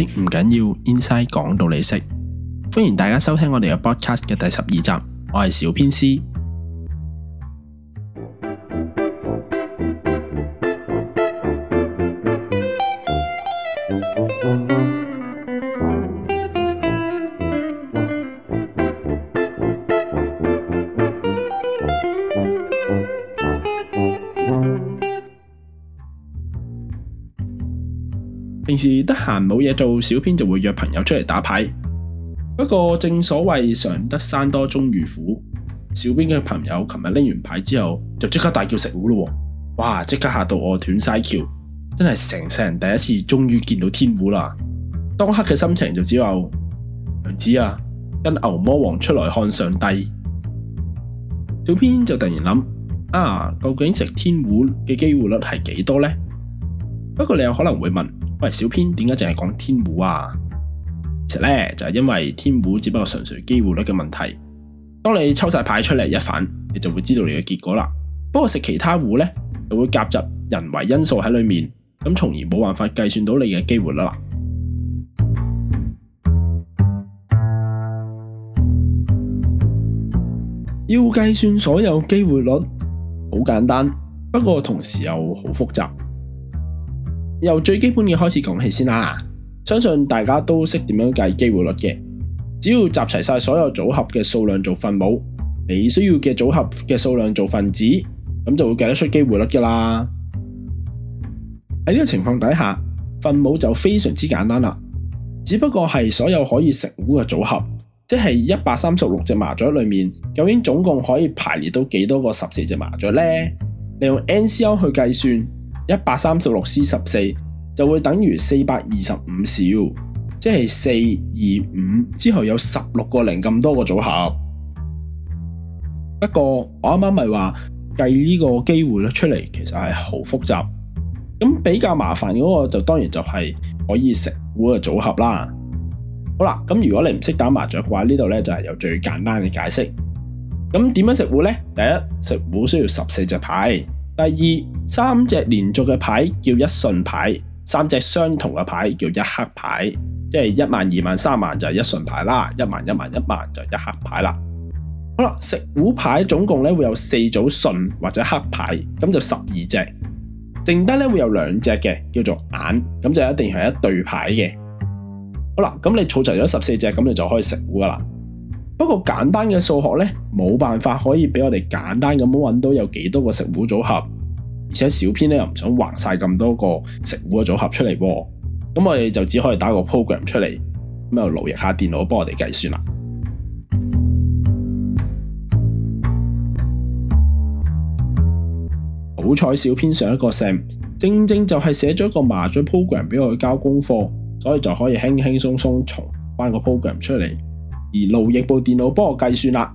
唔 緊要，Insight 講到你識。歡迎大家收聽我哋嘅 Podcast 嘅第十二集，我係小編師。平時得閒冇嘢做，小編就會約朋友出嚟打牌。不過正所謂上得山多終遇虎，小編嘅朋友琴日拎完牌之後就即刻大叫食糊咯！哇，即刻吓到我斷晒橋，真係成世人第一次終於見到天糊啦！當刻嘅心情就只有娘子啊，跟牛魔王出來看上帝。小編就突然諗啊，究竟食天糊嘅機會率係幾多呢？」不過你有可能會問。喂，小編，點解淨係講天壺啊？其實呢，就係、是、因為天壺只不過純粹機會率嘅問題。當你抽晒牌出嚟一反，你就會知道你嘅結果啦。不過食其他壺呢，就會夾雜人為因素喺裏面，從從而冇辦法計算到你嘅機會率啦。要計算所有機會率，好簡單，不過同時又好複雜。由最基本嘅開始講起先啦，相信大家都識點樣計機會率嘅。只要集齊晒所有組合嘅數量做分母，你需要嘅組合嘅數量做分子，咁就會計得出機會率噶啦。喺呢個情況底下，分母就非常之簡單啦。只不過係所有可以食糊嘅組合，即係一百三十六隻麻雀裏面，究竟總共可以排列到幾多個十四隻麻雀呢？利用 NCO 去計算。一百三十六 c 十四就會等於四百二十五兆，即係四二五之後有十六個零咁多個組合。不過我啱啱咪話計呢個機會率出嚟，其實係好複雜。咁比較麻煩嗰、那個就當然就係可以食糊嘅組合啦。好啦，咁如果你唔識打麻雀嘅話，呢度咧就係有最簡單嘅解釋。咁點樣食糊咧？第一食糊需要十四隻牌。第二三隻連續嘅牌叫一順牌，三隻相同嘅牌叫一黑牌，即係一萬、二萬、三萬就係一順牌啦，一萬、一萬、一萬就係一黑牌啦。好啦，食糊牌總共咧會有四組順或者黑牌，咁就十二隻，剩低咧會有兩隻嘅叫做眼，咁就一定係一對牌嘅。好啦，咁你儲齊咗十四隻，咁你就可以食糊噶啦。不過簡單嘅數學咧，冇辦法可以俾我哋簡單咁樣搵到有幾多個食糊組合。而且小編咧又唔想畫晒咁多個乘法組合出嚟噃，咁我哋就只可以打個 program 出嚟，咁又勞役下電腦幫我哋計算啦。好彩小編上一個 sem 正正就係寫咗個麻醉 program 俾我交功課，所以就可以輕輕鬆鬆重翻個 program 出嚟，而勞役部電腦幫我計算啦。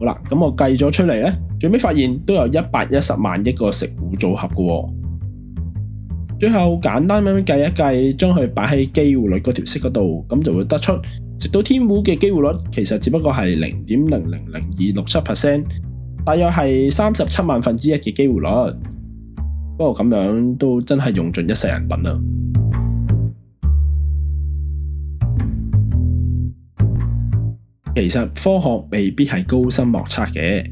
好啦，咁我計咗出嚟咧。最尾發現都有一百一十萬億個食糊組合嘅。哦，最後簡單咁樣計一計，將佢擺喺機會率嗰條式嗰度，咁就會得出食到天糊嘅機會率其實只不過係零點零零零二六七 percent，大約係三十七萬分之一嘅機會率。不過咁樣都真係用盡一世人品啦。其實科學未必係高深莫測嘅。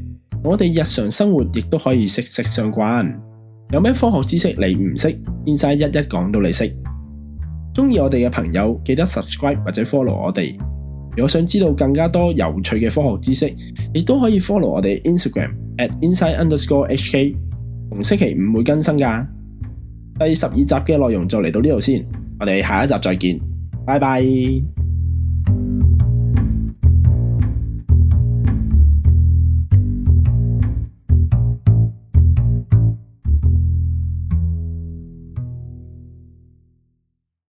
我哋日常生活亦都可以息息相關，有咩科學知識你唔識，Inside 一一講到你識。中意我哋嘅朋友記得 subscribe 或者 follow 我哋。如果想知道更加多有趣嘅科學知識，亦都可以 follow 我哋 Instagram at Inside_HK。逢星期五會更新噶。第十二集嘅內容就嚟到呢度先，我哋下一集再見，拜拜。